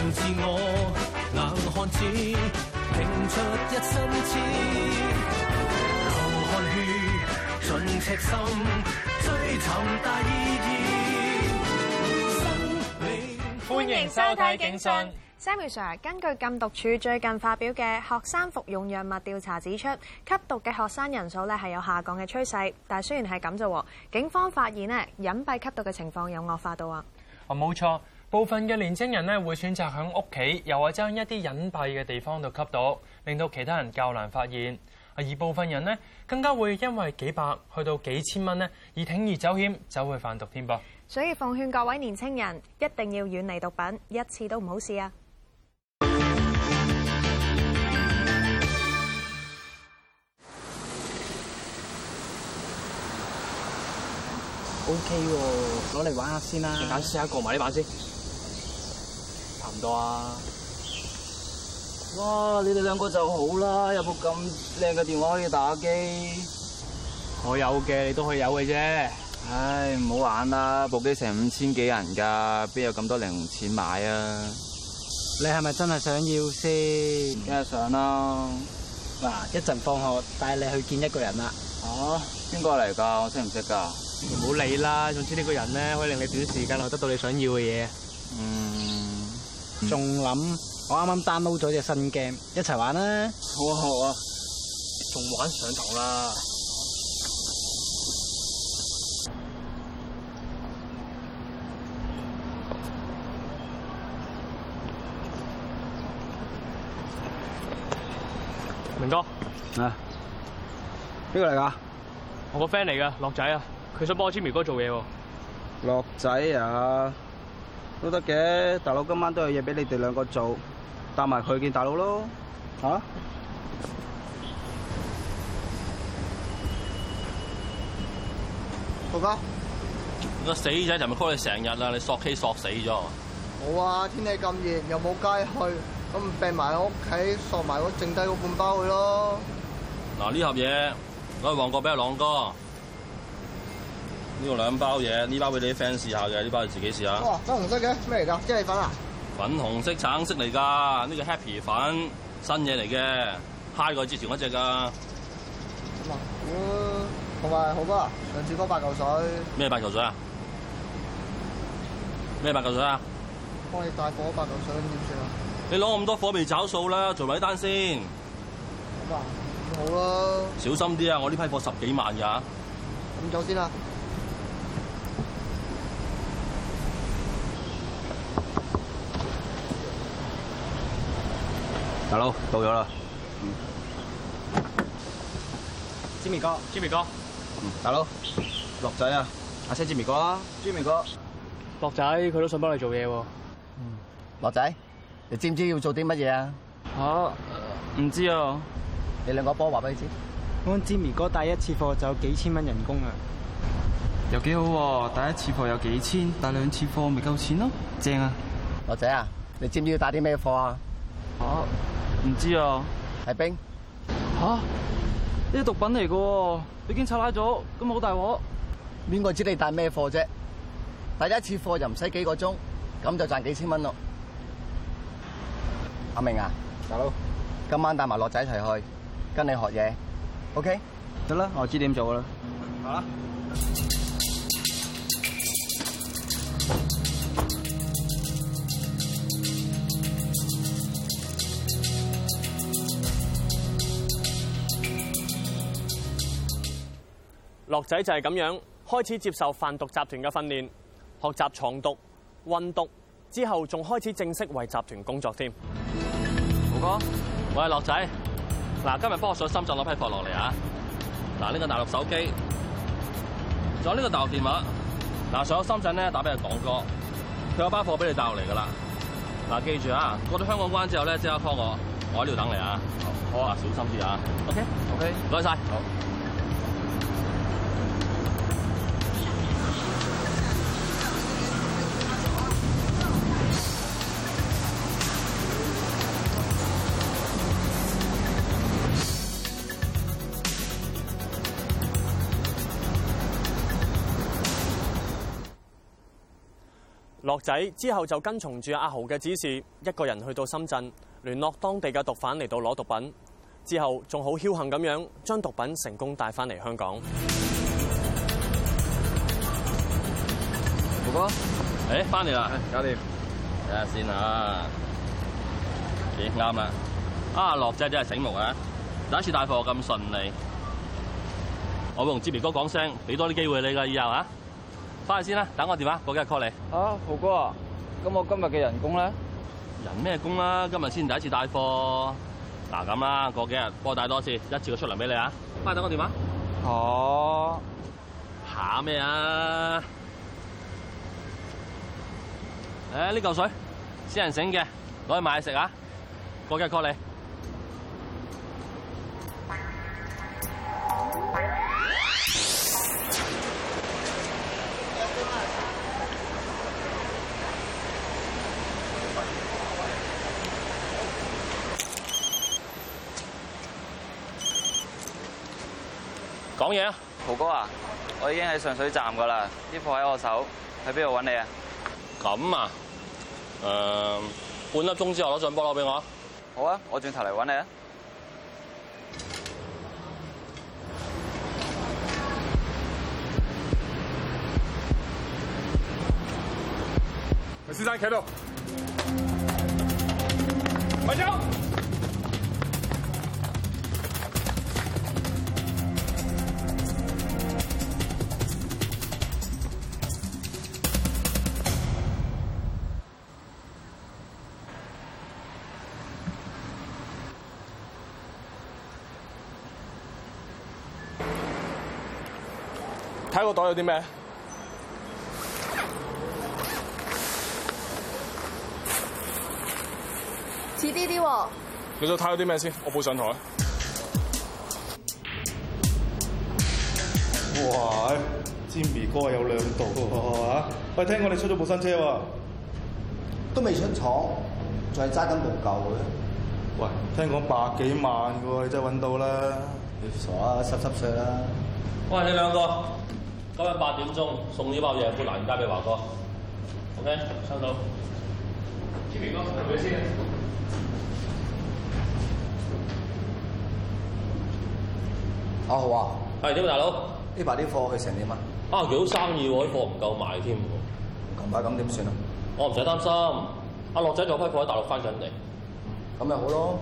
歡迎收睇《警訊》，Samuel Sir。根據禁毒處最近發表嘅學生服用藥物調查指出，吸毒嘅學生人數咧係有下降嘅趨勢。但雖然係咁啫，警方發現呢隱蔽吸毒嘅情況有惡化到啊！哦，冇錯。部分嘅年青人咧，會選擇喺屋企，又或喺一啲隱蔽嘅地方度吸毒，令到其他人較難發現。而部分人咧，更加會因為幾百去到幾千蚊咧，而鋌而走險，走去販毒添噃。所以奉勸各位年青人，一定要遠離毒品，一次都唔好試啊！O K，攞嚟玩下先啦，試下過埋呢把先。哇，你哋兩個就好啦，有冇咁靚嘅電話可以打機？仲諗我啱啱 download 咗隻新 game，一齊玩啦！好啊好啊，仲玩上頭啦！明哥啊，邊個嚟噶？我個 friend 嚟噶，樂仔，仔啊，佢想幫我 Jimmy 哥做嘢喎。樂仔啊！都得嘅，大佬今晚都有嘢俾你哋兩個做，帶埋佢見大佬咯。吓？阿哥，個死仔就咪 call 你成日啊，你索氣索死咗。冇啊，天氣咁熱，又冇街去，咁病埋喺屋企索埋，我剩低個半包去咯。嗱，呢盒嘢我去旺角俾阿朗哥。呢度兩包嘢，呢包俾你啲 fans 試下嘅，呢包你自己試下。哇、哦，粉紅色嘅咩嚟噶？雞翅粉啊？粉紅色、橙色嚟噶，呢個 Happy 粉，新嘢嚟嘅，嗨過之前嗰隻噶。咁、嗯、啊，好吧，同埋好多啊，上次嗰八嚿水。咩八嚿水啊？咩八嚿水啊？幫你帶過八嚿水，麼水你點算啊？你攞咁多貨未找數啦，做埋啲單先。咁啊，好咯。小心啲啊，我呢批貨十幾萬噶。咁走先啦。大佬到咗啦，嗯 Jammy 哥 Jammy 哥，哥哥啊、哥哥嗯，大佬，樂仔啊，阿 Sir Jammy 哥 Jammy 哥，樂仔佢都想幫你做嘢喎，嗯，樂仔，你知唔知道要做啲乜嘢啊？吓、呃，唔知道啊，你兩個波話俾你知，我 Jammy 哥帶一次貨就有幾千蚊人工有啊，又幾好喎，帶一次貨有幾千，帶兩次貨咪夠錢咯，啊，正啊，樂仔啊，你知唔知道要帶啲咩貨啊？哦。唔知啊，係冰吓，呢啲毒品嚟㗎，俾警察拉咗，咁好大鑊。邊個知你帶咩貨啫？帶一次貨就唔使幾個鐘，咁就賺幾千蚊咯。阿明啊，大佬，今晚帶埋樂仔一齊去，跟你學嘢。OK，得啦，我知點做啦。吓？樂仔就係咁樣開始接受販毒集團嘅訓練，學習藏毒、運毒，之後仲開始正式為集團工作添。胡哥，喂，樂仔，嗱，今日幫我上深圳攞批貨落嚟啊！嗱，呢個大陸手機，仲有呢個大陸電話。嗱，上咗深圳咧，打俾阿廣哥，佢有包貨俾你帶落嚟噶啦。嗱，記住啊，過到香港關之後咧，即刻 call 我，我喺呢度等你啊。好，好啊，小心啲啊。O K，O K，唔該晒。好。樂仔之後就跟從住阿豪嘅指示，一個人去到深圳聯絡當地嘅毒販嚟到攞毒品，之後仲好僥幸咁樣將毒品成功帶翻嚟香港。哥哥，誒、欸，翻嚟啦，搞掂，睇下先啊，幾啱、欸、啊？啊，樂仔真係醒目啊，第一次帶貨咁順利，我會同志明哥講聲，俾多啲機會你、啊、噶以後啊。翻去先啦，等我電話，過幾日 call 你。啊，豪哥啊，咁我今日嘅人工咧？人咩工啦？今日先第一次帶貨，嗱咁啦，過幾日幫我帶多一次，一次過出糧俾你啊。翻去等我電話。哦。下咩啊？誒，呢嚿水，私人醒嘅，攞去買食啊。過幾日 call 你。講嘢啊，豪哥啊，我已經喺上水站噶啦，啲貨喺我手，喺邊度揾你啊？咁啊，嗯，半粒鐘之後攞信波攞俾我。好啊，我轉頭嚟揾你啊。先生，企喺度。咪住！睇個袋有啲咩？遲啲啲喎。你再睇下啲咩先，我報上台。哇！煎餅哥有兩度嚇，喂，聽講你出咗部新車喎，都未出廠，仲係揸緊部舊嘅。喂，聽講百幾萬㗎喎，你真係搵到啦！你傻啊，濕濕碎啦！喂，你兩個。今晚八點鐘送呢包嘢去蘭桂坊，畀華哥，OK 收到。T.V. 哥，你先啊。阿豪啊，係點啊，大佬？呢排啲貨去成點啊？啊，幾好生意喎，啲貨唔夠賣添。近排咁點算啊？我唔使擔心，阿樂仔就批貨喺大陸翻緊嚟，咁、嗯、咪好咯。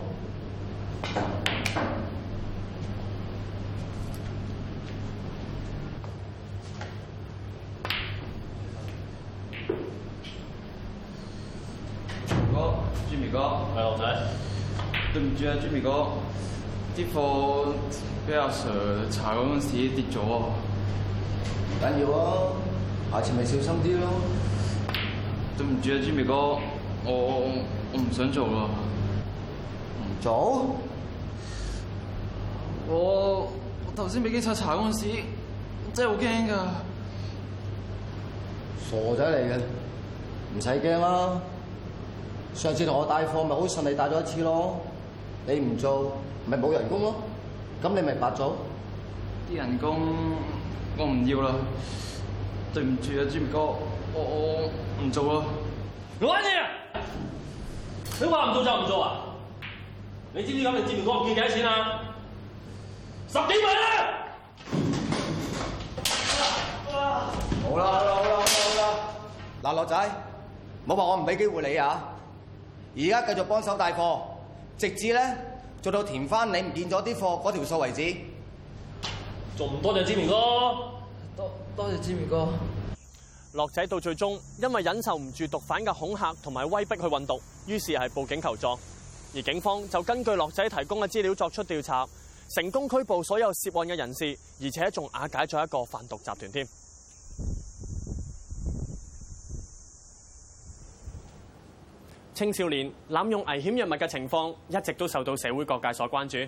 唔住啊，朱明哥，啲貨俾阿 Sir 查嗰陣時跌咗喎，唔緊要啊，下次咪小心啲咯。對唔住啊，朱明哥，我我唔想做啦。唔做？我我頭先俾警察查嗰陣時，我真係好驚㗎。傻仔嚟嘅，唔使驚啦。上次同我帶貨咪好順利帶咗一次咯。你唔做，咪冇人工咯。咁你咪白做。啲人工我唔要啦。對唔住啊，志明哥，我我唔做啦。老住！你你話唔做就唔做啊？你知唔、這個、知咁你志明哥我結幾多錢啊？十幾萬、啊啊、啦！好啦好啦好啦好啦！嗱，樂仔，唔好話我唔俾機會你啊！而家繼續幫手帶貨。直至咧做到填翻你唔見咗啲貨嗰條數為止，仲唔多謝志明哥？多多謝志明哥。樂仔到最終因為忍受唔住毒販嘅恐嚇同埋威逼去運毒，於是係報警求助，而警方就根據樂仔提供嘅資料作出調查，成功拘捕所有涉案嘅人士，而且仲瓦解咗一個販毒集團添。青少年濫用危險藥物嘅情況一直都受到社會各界所關注。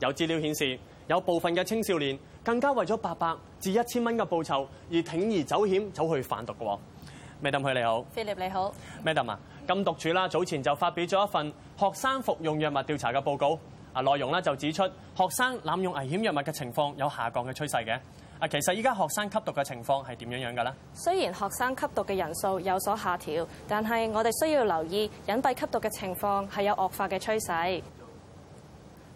有資料顯示，有部分嘅青少年更加為咗八百至一千蚊嘅報酬而挺而走險走去販毒嘅。Madam，佢你好，Philip 你好，Madam 啊，禁毒處啦早前就發表咗一份學生服用藥物調查嘅報告啊，內容呢就指出學生濫用危險藥物嘅情況有下降嘅趨勢嘅。啊，其實依家學生吸毒嘅情況係點樣樣㗎咧？雖然學生吸毒嘅人數有所下調，但係我哋需要留意隱蔽吸毒嘅情況係有惡化嘅趨勢。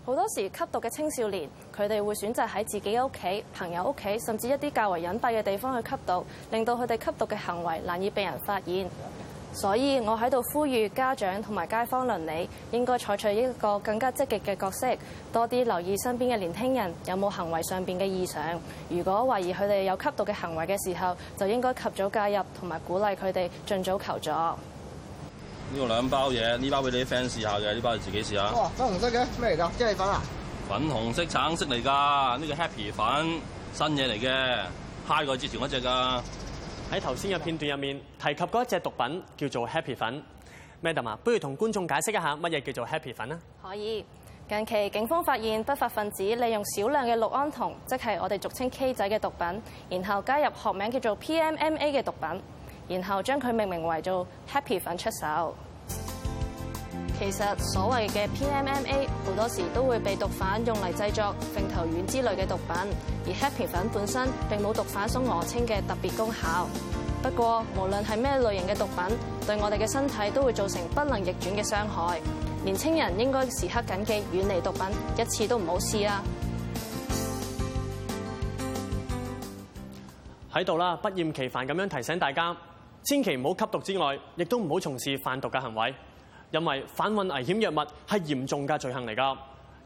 好多時吸毒嘅青少年，佢哋會選擇喺自己屋企、朋友屋企，甚至一啲較為隱蔽嘅地方去吸毒，令到佢哋吸毒嘅行為難以被人發現。所以我喺度呼籲家長同埋街坊鄰里應該採取一個更加積極嘅角色，多啲留意身邊嘅年輕人有冇行為上邊嘅異常。如果懷疑佢哋有吸毒嘅行為嘅時候，就應該及早介入同埋鼓勵佢哋盡早求助。呢個兩包嘢，呢包俾你啲 fans 試下嘅，呢包你自己試下。哇、哦！粉紅色嘅咩嚟㗎？雞翼粉啊？粉紅色、橙色嚟㗎。呢、呢個 Happy 粉新嘢嚟嘅 high 過之前嗰隻㗎。喺頭先嘅片段入面提及嗰一隻毒品叫做 Happy 粉，Madam 啊，不如同觀眾解釋一下乜嘢叫做 Happy 粉啊？可以近期警方發現不法分子利用少量嘅氯胺酮，即係我哋俗稱 K 仔嘅毒品，然後加入學名叫做 PMMA 嘅毒品，然後將佢命名為做 Happy 粉出手。其實所謂嘅 P M M A 好多時都會被毒販用嚟製作冰頭丸之類嘅毒品，而 Happy 粉本身並冇毒販所訛稱嘅特別功效。不過，無論係咩類型嘅毒品，對我哋嘅身體都會造成不能逆轉嘅傷害。年輕人應該時刻緊記遠離毒品，一次都唔好試啊！喺度啦，不厭其煩咁樣提醒大家，千祈唔好吸毒之外，亦都唔好從事販毒嘅行為。因為販運危險藥物係嚴重嘅罪行嚟㗎，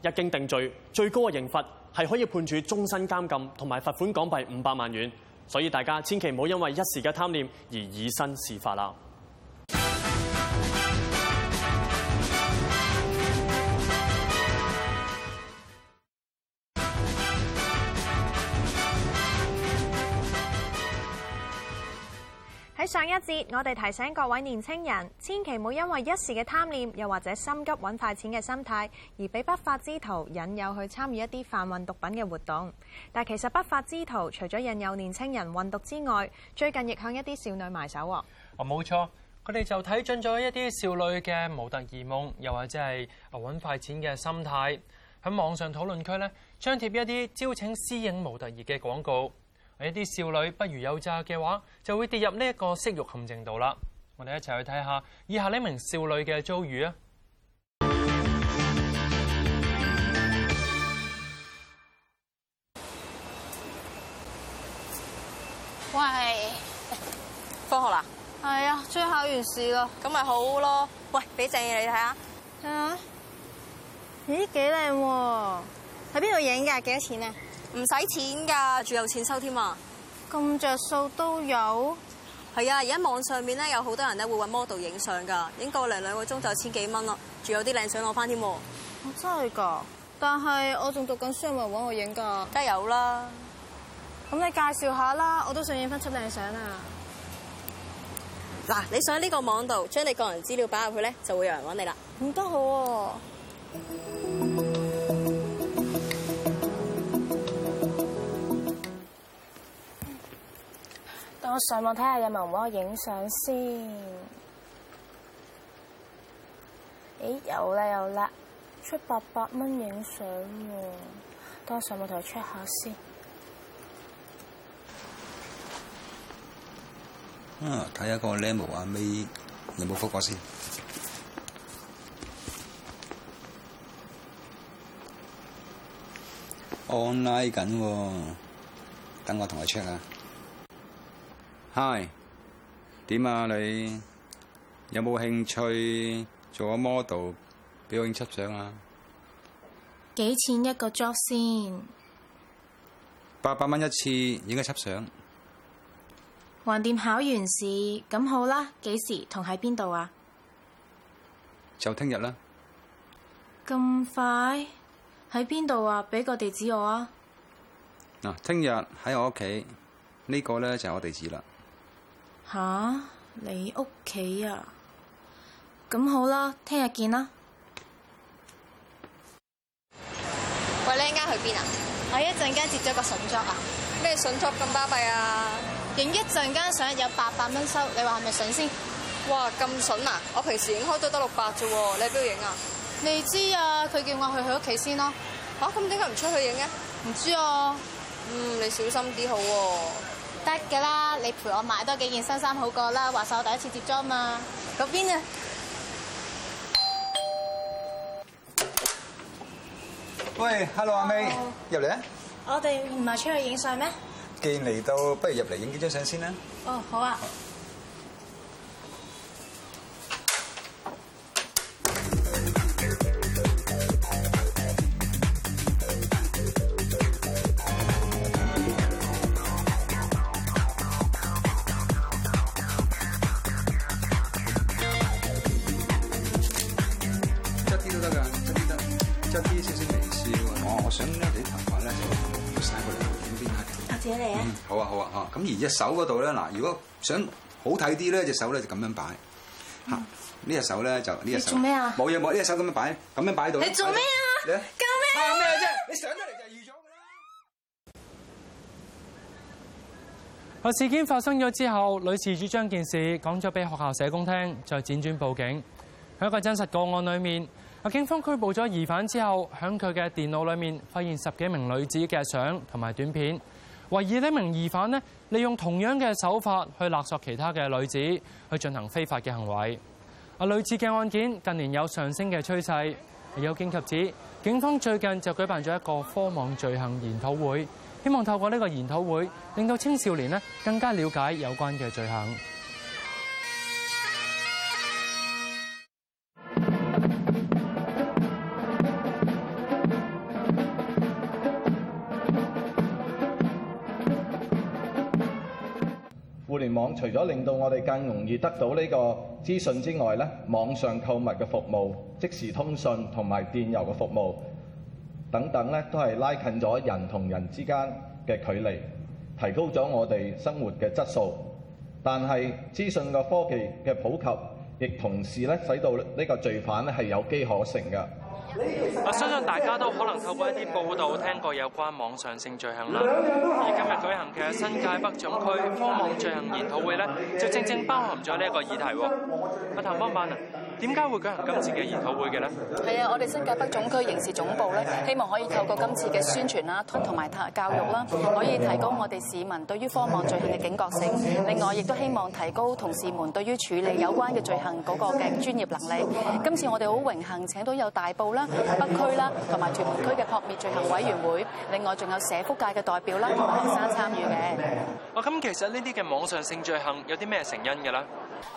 一經定罪，最高嘅刑罰係可以判處終身監禁同埋罰款港幣五百萬元，所以大家千祈唔好因為一時嘅貪念而以身試法啦。上一節，我哋提醒各位年青人，千祈唔好因為一時嘅貪念，又或者心急揾快錢嘅心態，而俾不法之徒引誘去參與一啲販運毒品嘅活動。但其實不法之徒除咗引誘年青人運毒之外，最近亦向一啲少女埋手。啊，冇錯，佢哋就睇準咗一啲少女嘅模特兒夢，又或者係揾快錢嘅心態，喺網上討論區呢，張貼一啲招請私影模特兒嘅廣告。一啲少女不如有詐嘅話，就會跌入呢一個色欲陷阱度啦。我哋一齊去睇下以下呢名少女嘅遭遇啊！喂，放學啦？係、哎、啊，終於考完試啦。咁咪好咯。喂，俾正嘢你睇下。睇、啊、下？咦，幾靚喎！喺邊度影噶？幾多錢啊？唔使錢噶，仲有錢收添啊！咁着數都有。係啊，而家網上面咧有好多人咧會揾 model 影相噶，影個零兩個鐘就千幾蚊啦，仲有啲靚相攞翻添。我真係噶，但係我仲讀緊書，有冇人揾我影噶？梗係有啦。咁你介紹下啦，我都想影翻出靚相啊。嗱，你上呢個網度，將你個人資料擺入去咧，就會有人揾你啦。唔得好喎。嗯我上網睇下有冇人幫我影相先。誒、哎，有啦有啦，出八百蚊影相喎，等我上網同佢 check 下先。嗯，睇下個 level 阿咪有冇覆蓋先。online 緊喎，等我同佢 check 啊。看看 Hi，點啊？你有冇興趣做下 model 表演、輯相啊？幾錢一個 job 先？八百蚊一次，影一輯相。橫掂考完試咁好啦，幾時同喺邊度啊？就聽日啦。咁快喺邊度啊？俾個地址我啊。嗱，聽日喺我屋企呢個咧就係我地址啦。吓、啊，你屋企啊？咁好啦，聽日見啦。喂，你一陣間去邊啊？我一陣間接咗個笋 job 啊！咩笋 job 咁巴閉啊？影一陣間相有八百蚊收，你話係咪笋先？哇，咁笋啊！我平時影開都得六百啫，你喺邊度影啊？未知啊，佢叫我去佢屋企先咯、啊。吓、啊，咁點解唔出去影嘅？唔知啊。嗯，你小心啲好喎、啊。得㗎啦，你陪我買多幾件新衫好過啦，話晒我第一次接裝嘛。嗰邊啊？喂，Hello 阿 May，入嚟啊！我哋唔係出去影相咩？既然嚟到，不如入嚟影幾張相先啦。哦，好啊。咁而隻手嗰度咧，嗱，如果想好睇啲咧，隻手咧就咁樣擺。嚇、嗯，呢隻手咧就呢隻手做咩啊？冇嘢冇，呢隻手咁樣擺，咁樣擺到。你做咩啊？救命啊！啊咩啫？你上出嚟就預咗㗎啦！啊事件發生咗之後，女事主將件事講咗俾學校社工聽，再輾轉報警。喺一個真實個案裏面，啊警方拘捕咗疑犯之後，響佢嘅電腦裏面發現十幾名女子嘅相同埋短片，懷疑呢名疑犯呢。利用同樣嘅手法去勒索其他嘅女子，去進行非法嘅行為。啊，類似嘅案件近年有上升嘅趨勢。有見及此，警方最近就舉辦咗一個科網罪行研討會，希望透過呢個研討會，令到青少年呢更加了解有關嘅罪行。互聯網除咗令到我哋更容易得到呢個資訊之外咧，網上購物嘅服務、即時通訊同埋電郵嘅服務等等咧，都係拉近咗人同人之間嘅距離，提高咗我哋生活嘅質素。但係資訊嘅科技嘅普及，亦同時咧使到呢個罪犯咧係有機可乘嘅。我相信大家都可能透過一啲報道聽過有關網上性罪行啦。而今日舉行嘅新界北總區科網罪行研討會咧，就正正包含咗呢一個議題。阿譚方辦啊。點解會舉行今次嘅研討會嘅呢？係啊，我哋新界北總區刑事總部咧，希望可以透過今次嘅宣傳啦，同埋教育啦，可以提高我哋市民對於科網罪行嘅警覺性。另外，亦都希望提高同事們對於處理有關嘅罪行嗰個嘅專業能力。今次我哋好榮幸請到有大埔啦、北區啦，同埋屯門區嘅撲滅罪行委員會，另外仲有社福界嘅代表啦同學生參與嘅。咁其實呢啲嘅網上性罪行有啲咩成因嘅咧？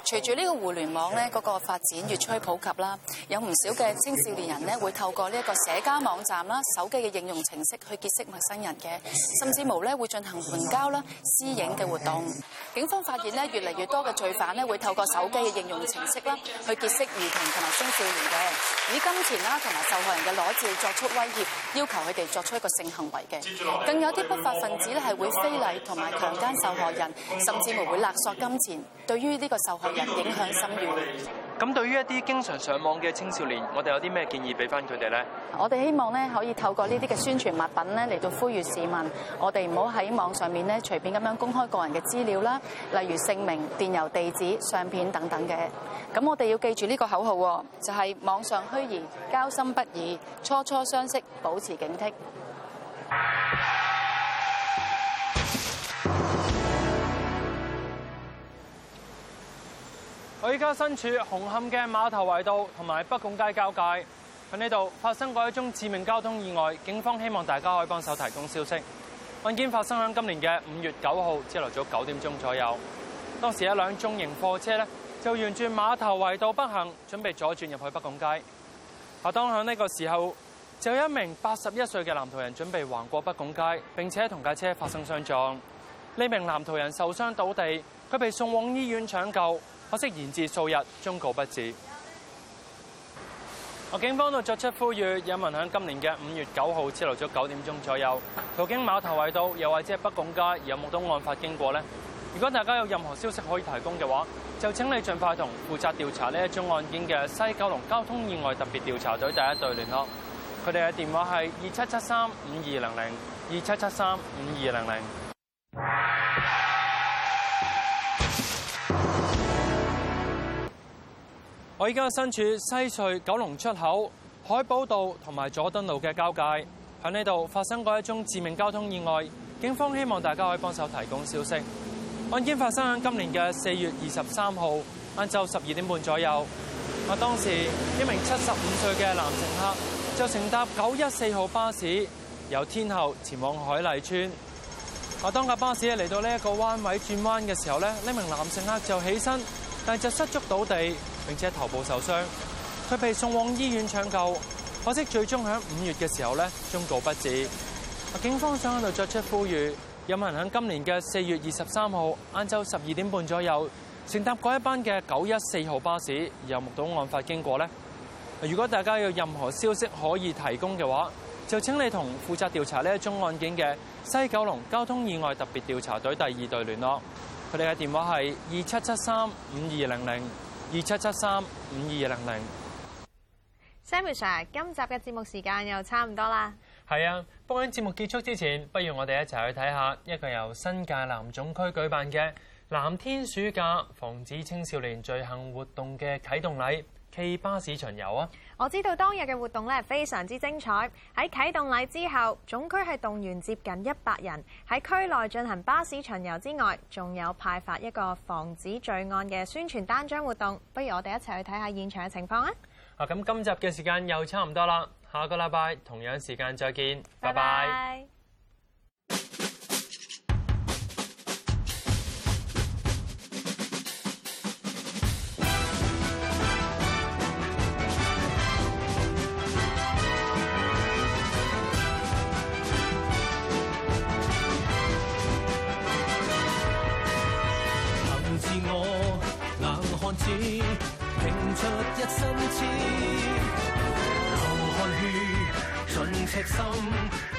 隨住呢個互聯網咧，嗰個發展越趨普及啦，有唔少嘅青少年人呢，會透過呢一個社交網站啦、手機嘅應用程式去結識陌生人嘅，甚至無咧會進行援交啦、私影嘅活動。警方發現呢，越嚟越多嘅罪犯呢，會透過手機嘅應用程式啦，去結識兒童同埋青少年嘅，以金錢啦同埋受害人嘅裸照作出威脅，要求佢哋作出一個性行為嘅。更有啲不法分子咧係會非禮同埋強姦受害人，甚至無會勒索金錢。對於呢個受害人影響深遠。咁對於一啲經常上網嘅青少年，我哋有啲咩建議俾翻佢哋呢？我哋希望咧可以透過呢啲嘅宣傳物品咧嚟到呼籲市民，我哋唔好喺網上面咧隨便咁樣公開個人嘅資料啦，例如姓名、電郵地址、相片等等嘅。咁我哋要記住呢個口號，就係網上虛擬，交心不易，初初相識，保持警惕。佢家身處紅磡嘅碼頭圍道同埋北拱街交界。喺呢度發生過一宗致命交通意外，警方希望大家可以幫手提供消息。案件發生喺今年嘅五月九號，朝頭早九點鐘左右。當時一輛中型貨車呢，就沿住碼頭圍道北行，準備左轉入去北拱街。喺當響呢個時候，就有一名八十一歲嘅南圖人準備橫過北拱街，並且同架車發生相撞。呢名南圖人受傷倒地，佢被送往醫院搶救。可惜延至數日，終告不治。我警方都作出呼籲，有市民喺今年嘅五月九號，朝早九點鐘左右途經馬頭圍道又或者北拱街，有冇目睹案發經過呢？如果大家有任何消息可以提供嘅話，就請你盡快同負責調查呢一宗案件嘅西九龍交通意外特別調查隊第一隊聯絡。佢哋嘅電話係二七七三五二零零，二七七三五二零零。我依家身處西隧九龍出口海寶道同埋佐敦路嘅交界，喺呢度發生過一宗致命交通意外。警方希望大家可以幫手提供消息。案件發生喺今年嘅四月二十三號晏晝十二點半左右。當時一名七十五歲嘅男乘客就乘搭九一四號巴士由天后前往海麗村。啊，當架巴士嚟到呢一個彎位轉彎嘅時候咧，呢名男乘客就起身，但就失足倒地。並且頭部受傷，佢被送往醫院搶救，可惜最終喺五月嘅時候呢，終告不治。警方想喺度作出呼籲，有冇人喺今年嘅四月二十三號晏晝十二點半左右乘搭嗰一班嘅九一四號巴士，又目睹案發經過呢？如果大家有任何消息可以提供嘅話，就請你同負責調查呢一宗案件嘅西九龍交通意外特別調查隊第二隊聯絡，佢哋嘅電話係二七七三五二零零。二七七三五二零零。Sam Sir，今集嘅節目時間又差唔多啦。係啊，播緊節目結束之前，不如我哋一齊去睇下一個由新界南總區舉辦嘅藍天暑假防止青少年罪行活動嘅啟動禮。K 巴士巡遊啊！我知道當日嘅活動咧非常之精彩。喺啟動禮之後，總區係動員接近一百人喺區內進行巴士巡遊之外，仲有派發一個防止罪案嘅宣傳單張活動。不如我哋一齊去睇下現場嘅情況啊！啊，咁今集嘅時間又差唔多啦，下個禮拜同樣時間再見，拜拜。拜拜。拼出一身痴，流汗血，盡赤心。